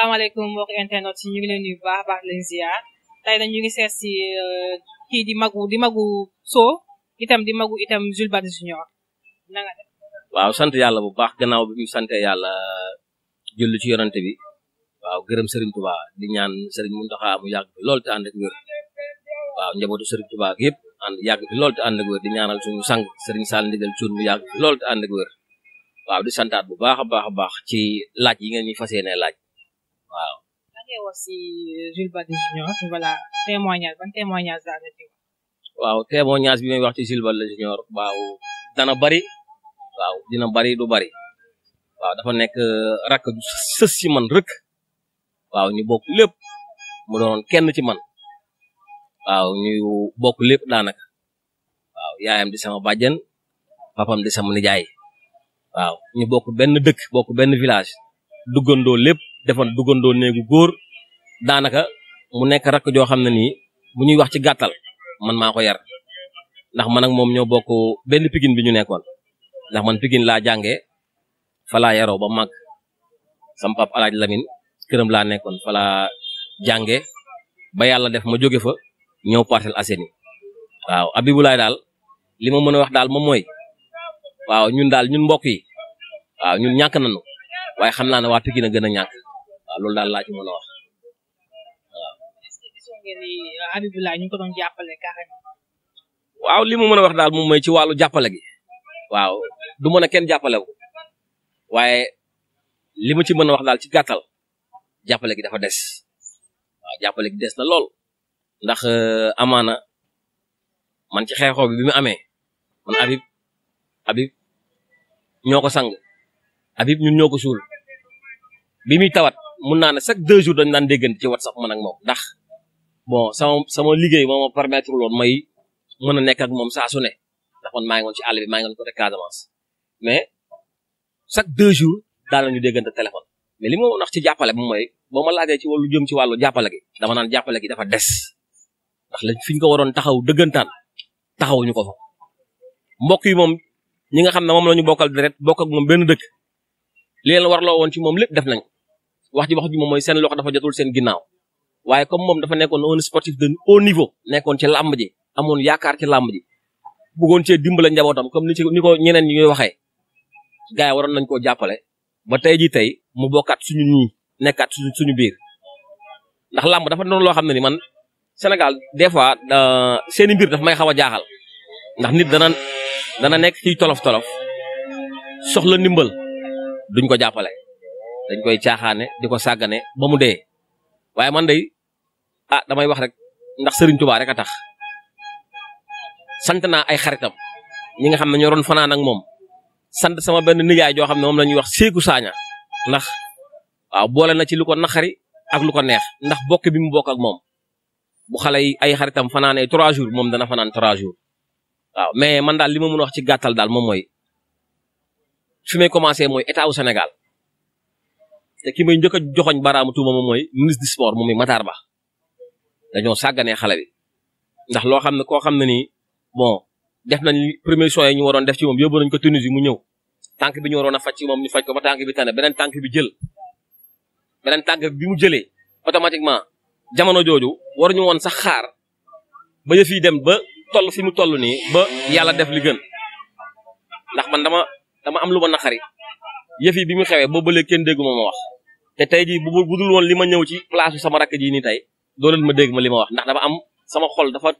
salaamaaleykum mbokk internet yi ñu ngi leen nuyu baax baax leen ziar ñu ngi seet si euh, kii di magu di magu soo itam di magu itam Jules Baldé Junior na nga def waaw sant yàlla bu baax gannaaw bi ñu sante yàlla julli ci yonante bi waaw gërëm Serigne Touba di ñaan Serigne Mountakha mu yàgg bi lool te ànd ak wér waaw njabootu Serigne yëpp ànd yàgg bi lool te ànd di wér di ñaanal suñu sang Serigne Sall ndigal suñu mu yàgg bi lool te ànd ak di santaat bu baax a baax a baax ci laaj yi ngeen ñu fas yéene laaj waaw. lan ngay wax si Jules Baldé Junior voilà témoignage ban témoignage daal la bi may wax ci Jules Baldé Junior dana bari waaw dina bari du bari waaw dafa nekk euh, rakk sës ci man rëkk waaw ñu bokk lépp mu doon kenn ci man waaw ñu bokk lépp daanaka waaw yaayam di sama bàjjen papam di sama nijaay waaw ñu bokk benn dëkk bokk benn village duggandoo lépp defoon duggandoo néegu góor daanaka mu nekk rakk joo xam na nii bu ñuy wax ci gàttal man maa ko yar ndax man ak moom ñoo bokk benn Pikine bi ñu nekkoon ndax man Pikine laa jàngee fa laa yaroo ba mag sam pap alaaj Lamine këram laa nekkoon fala laa ba yàlla def ma jóge fa ñëw Parcelles Assainies waaw Abibulaay daal lima mën a wax daal moom mooy waaw ñun daal ñun mbokk yi waaw ñun ñàkk nañu waaye xam naa ne waa Pikine a gën a ñàkk waaw daal laaj ci mën a wax waaw. Euh, Habiboulaye ñu li mu mën a wax daal moom mooy ci wàllu jàppale gi waaw du mën a kenn jàppale waaye li mu ci mën a wax daal ci gàttal jàppale gi dafa des waaw jàppale gi des na lool ndax euh, amaana man ci xeexoo bi mu amee man Habib Habib ñoo ko sang Habib ñun ñoo ko suul bi muy tawat mun naa ne chaque deux jours dañ daan déggante ci whatsapp man ak moom ndax bon sama sama liggéey moo ma permettre loon may mën a nekk moom saa su ne ndax man maa ngi woon ci àll bi maa ngi woon Casamance mais chaque deux jours daal nañu déggante téléphone mais li ma wax ci jàppale moom mooy boo ma laajee ci wàllu jëm ci wàllu jàppale dama naan jàppale ki dafa des ndax lañ fi ñu ko waroon taxaw dëggantaan taxawuñu ko fa mbokk yi moom ñi nga xam ne moom la ñu bokkal deret bokk ak moom benn dëkk li leen warloo woon ci moom lépp def nañ wax ji wax ji moom mooy seen loxo dafa jotul seen ginnaaw waaye comme moom dafa nekkoon un sportif de haut niveau nekkoon ci làmb ji amoon yaakaar ci làmb ji bëggoon cee dimbale njabootam comme ni ci ni ko ñeneen ñi ñuy waxee gars yi waroon nañ koo jàppale ba tey ji tey mu bokkaat suñu ñii nekkaat suñu suñu biir ndax làmb dafa noon loo xam ne ni man senegal des fois euh, seeni mbir dafa may xaw a jaaxal ndax nit dana dana nekk ci tolof tolof soxla ndimbal duñ ko jàppale dañ koy caaxaane di ko sàggane ba mu dee waaye man day ah damay wax rek ndax sëriñ Tuubaa rek a tax sant naa ay xaritam ñi nga xam ne ñoo doon fanaan ak moom sant sama benn nijaay joo xam ne moom la ñuy wax Sékou Sagna ndax waaw boole na ci lu ko naqari ak lu ko neex ndax bokk bi mu bokk ak moom bu xale yi ay xaritam fanaanee trois jours moom dana fanaan trois jours waaw mais man daal li ma mën a wax ci gàttal daal moom mooy fi may commencé mooy état wu Sénégal te ki may njëkk a joxoñ baraamu tuuma moom mooy ministre du sport moom mooy Matar Ba dañoo sàgganee xale ndax loo xam ne koo xam ne nii bon def nañ premier soin yi ñu waroon def ci moom yóbbu nañ ko Tunisie mu ñëw tànk bi ñu waroon a faj ci moom ñu faj ko ba tànk bi tane beneen tànk bi jël beneen tànk bi mu jëlee automatiquement jamono jooju waruñu woon sax xaar ba yëf dem ba toll fi mu toll nii ba yàlla def li gën ndax man dama dama am lu ma naqari yëf yi bi mu xewee boobu léegi kenn dégguma ma wax te tey ji bu budul woon li ma ñëw ci place sama rakk ji ni tey doo leen ma dégg ma li ma wax ndax dama am sama xol dafa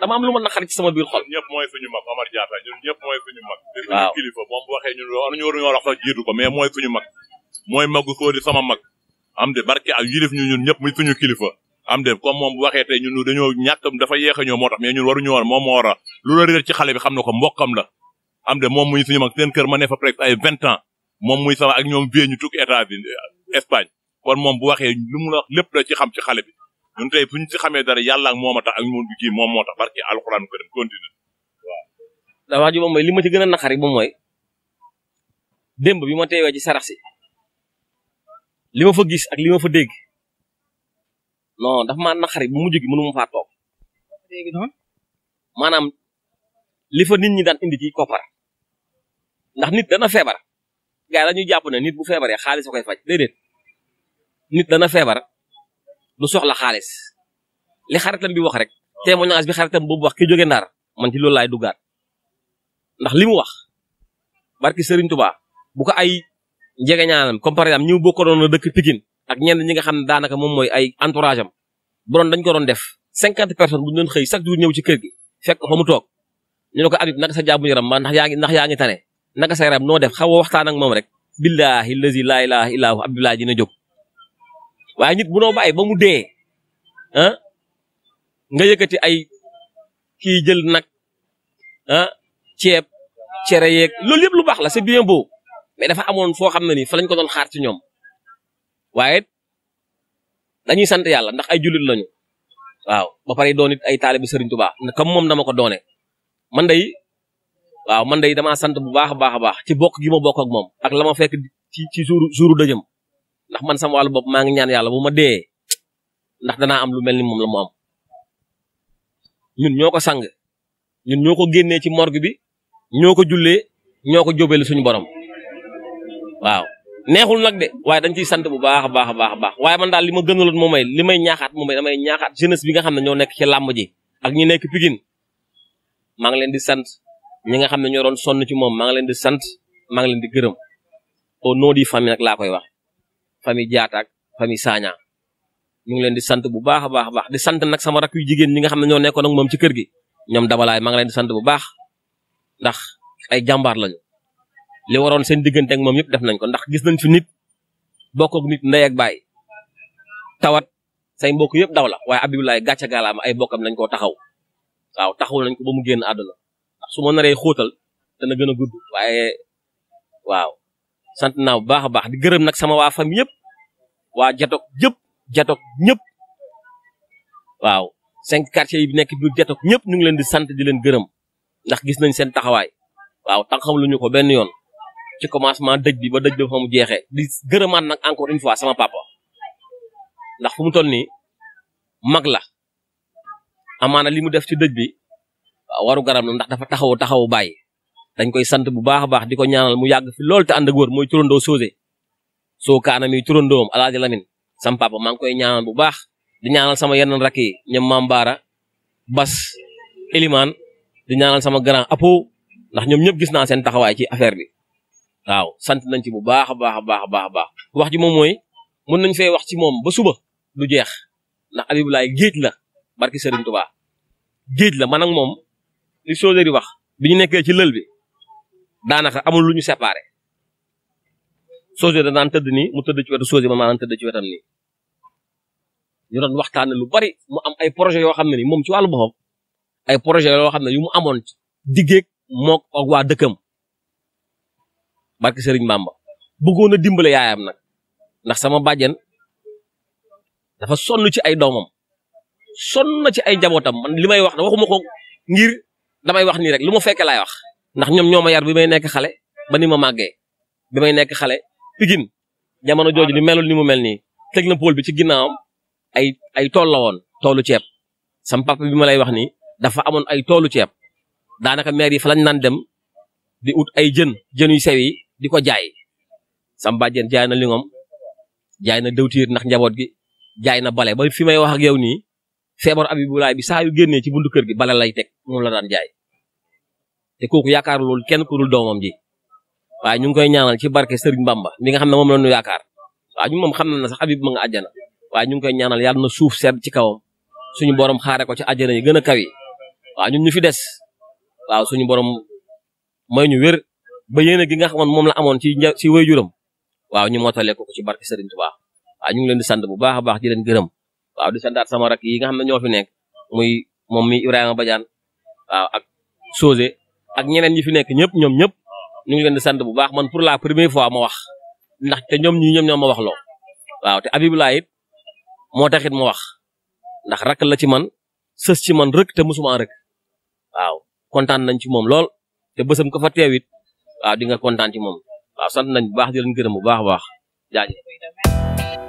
dama am lu ma naqar ci sama biir xol. ñëpp mooy suñu mag Omar Diatta mooy suñu mag. waaw ñu waruñoo wax sax jiitu mais mooy suñu mag mooy magu soo di sama mag am de barke ak yilif ñu ñun ñëpp muy suñu kilifa am de comme moom bu waxee tey ñun dañoo ñàkk dafa yéex a ñëw moo tax mais ñun waru woon moom moo war a lu la ci xale bi xam na ko mbokkam la am de moom muy suñu mag seen ma ne fa ay vingt moom muy sama ak ñoom vie ñu tukki États-Unis euh, Espagne kon moom bu waxee lu la wax lépp la ci xam ci xale bi ñun tey fu ñu ci xamee dara yàlla ak moom a tax ak ñoom kii moom moo tax barki alxuraan ko dem continue waaw. daa wax ji moom mooy li ma ci gën a naqari moom mooy démb bi ma teewee ci sarax si li fa gis ak li ma fa dégg non dafa maa naqari bu mujj gi mënu ma faa toog. maanaam li fa nit ñi daan indi ci koppar ndax nit dana feebar. gaa dañuy jàpp ne nit bu feebaree xaalis a koy faj déedéet nit dana feebar du soxla xaalis li xaritam bi wax rek témoignage bi xaritam boobu wax ki jóge Ndar man ci loolu laay duggaat ndax li mu wax barki Serigne Touba bu ko ay njegeñaalam comme par exemple ñi mu bokkoonoon dëkk Pikine ak ñenn ñi nga xam ne daanaka moom mooy ay entourage am bu doon dañ ko doon def cinquante personnes bu ñu xëy chaque jour ñëw ci kër gi fekk fa mu toog ñu ne ko Habib naka sa yaram ma yaa ngi ndax yaa ngi naka sa yaram noo def xaw a waxtaan ak moom rek billaahi lazi laa ilaaha illaa hu abdullah dina jóg waaye nit bu noo bàyyi ba mu dee ah nga yëkkati ay kii jël nag ah ceeb cere yeeg loolu yëpp lu baax la c'est bien beau mais dafa amoon foo xam ne ni fa lañ ko doon xaar ci ñoom waaye dañuy sant yàlla ndax ay jullit lañu waaw ba pare doon it ay taalibe Sëriñ Tuubaa comme moom dama ko doone man day waaw man day damaa sant bu baax a baax a baax ci bokk gi ma bokk ak mom ak la ma fekk ci ci jour jouru dëjëm ndax man sama wàllu bopp maa ngi ñaan yàlla bu ma dee ndax danaa am lu mel ni moom la mu ñun ñoo ko sang ñun ñoo ko génnee ci morgue bi ñoo ko jullee ñoo ko jóbelu suñu borom waaw neexul nag de waaye dañ ci sant bu baax a baax a baax a baax waaye man daal li ma gënaloon moo may li may ñaaxaat moo may damay ñaaxaat jeunesse bi nga xam ne ñoo nekk ci làmb ji ak ñi nekk Pikine maa ngi leen di sant ñi nga xam ne ñoo doon sonn ci moom maa leen di sant maa ngi leen di gërëm au nom di famille nag laa koy wax famille Diatta ak famille Sagna ñu ngi leen di sant bu baax a baax a baax di sant nag sama rakk yu jigéen ñi nga xam ne ñoo nekkoon ak moom ci kër gi ñoom dabalaay maa ngi leen di sant bu baax ndax ay jàmbaar lañu li waroon seen diggante ak moom yëpp def nañ ko ndax gis nañ fi nit bokk ak nit ndey ak baay tawat say mbokk yëpp daw la waaye Abibulaay gàcce gaalaama ay bokkam nañ koo taxaw waaw taxaw nañ ko ba mu génn àdduna su ma naree xóotal na gën a gudd waaye waaw sant naa bu baax a baax di gërëm nag sama waa famille yëpp waa jatog jëpp jatog ñëpp waaw cinq quartiers yi nekk biir jatog ñëpp ñu ngi leen di sant di leen gërëm ndax gis nañ seen taxawaay waaw taxam lu ñu ko benn yoon ci commencement dëj bi ba dëj bi fa mu jeexee di gërëmaat nag encore une fois sama papa ndax fu mu toll nii mag la amaana li mu def ci dëj bi waru garam la ndax dafa taxaw taxaw baay dañ koy sant bu baax a baax di ko ñaanal mu yàgg fi loolu te ànd ak wër mooy turandoo Socé soo kaana mi turandoom la Lamin sam papa maa ngi koy ñaanal bu baax di ñaanal sama yeneen rakk yi ñoom Maam Baara Bas Eliman di ñaanal sama grand apo ndax ñoom ñëpp gis naa seen taxawaay ci affaire bi waaw sant nañ ci bu baax a baax a baax a baax wax ji moom mooy mën nañ fee wax ci moom ba suba du jeex ndax Abibulaay géej la barki Serigne Touba géej li soudeur yi wax bi ñu nekkee ci lël bi daanaka amul lu ñu séparé soudeur da daan tëdd nii mu tëdd ci wetu soudeur man maa tëdd ci wetam nii ñu doon waxtaan lu bari mu am ay projet yoo xam ne ni moom ci wàllu boppam ay projet yoo xam ne yu mu amoon diggeeg mook ak waa dëkkam barke Serigne Bamba bëggoon a dimbale yaayam nag ndax sama bàjjen dafa sonn ci ay doomam sonn ci ay jabootam man wax na waxuma ko ngir damay wax nii rek lu ma fekke laay wax ndax ñoom ñoo ma bi may nekk xale ba ni ma màggee bi may nekk xale Pikine jamono jooju ni melul ni mu mel nii teg na pôle bi ci ginnaawam ay ay tool la woon toolu ceeb sam papa bi ma lay wax nii dafa amoon ay toolu ceeb daanaka maire yi fa lañ naan dem di ut ay jën jën yu sew di ko jaay sam bàjjen jaay na lingom jaay na dëwtiir ndax njaboot gi jaay na bale ba fi may wax ak yow nii feebar Abibulaay bi saa yu génnee ci buntu kër gi lay teg moom la daan jaay te kooku yaakaar loolu kenn ku dul doomam ji waaye ñu ngi koy ñaanal ci barke Serigne Bamba mi nga xam ne moom la ñu yaakaar waaw ñu moom xam na ne sax Habib ma nga àjjana waaye ñu ngi koy ñaanal yàlla na suuf sedd ci kawam suñu borom xaare ko ci àjjana yi gën a kawi waaw ñun ñu fi des waaw suñu borom may ñu wér ba yéene gi nga xamoon moom la amoon ci ci wéyjuram waaw ñu motalee ko ci barke Serigne Touba waaw ñu ngi leen di sant bu baax a baax di leen gërëm waaw ak Sosé ak ñeneen ñi fi nekk ñëpp ñoom ñëpp ñu ngi leen di sant bu baax man pour la première fois ma wax ndax te ñoom ñi ñoom ñoom ma wax loo waaw te Abibulaay it moo taxit ma wax ndax rakk la ci man sës ci man rëkk te musuma rëkk waaw kontaan nañ ci moom lool te bësam ko fa teewit waaw di nga kontaan ci moom waaw sant nañ bu baax di gërëm bu baax a baax jaajëf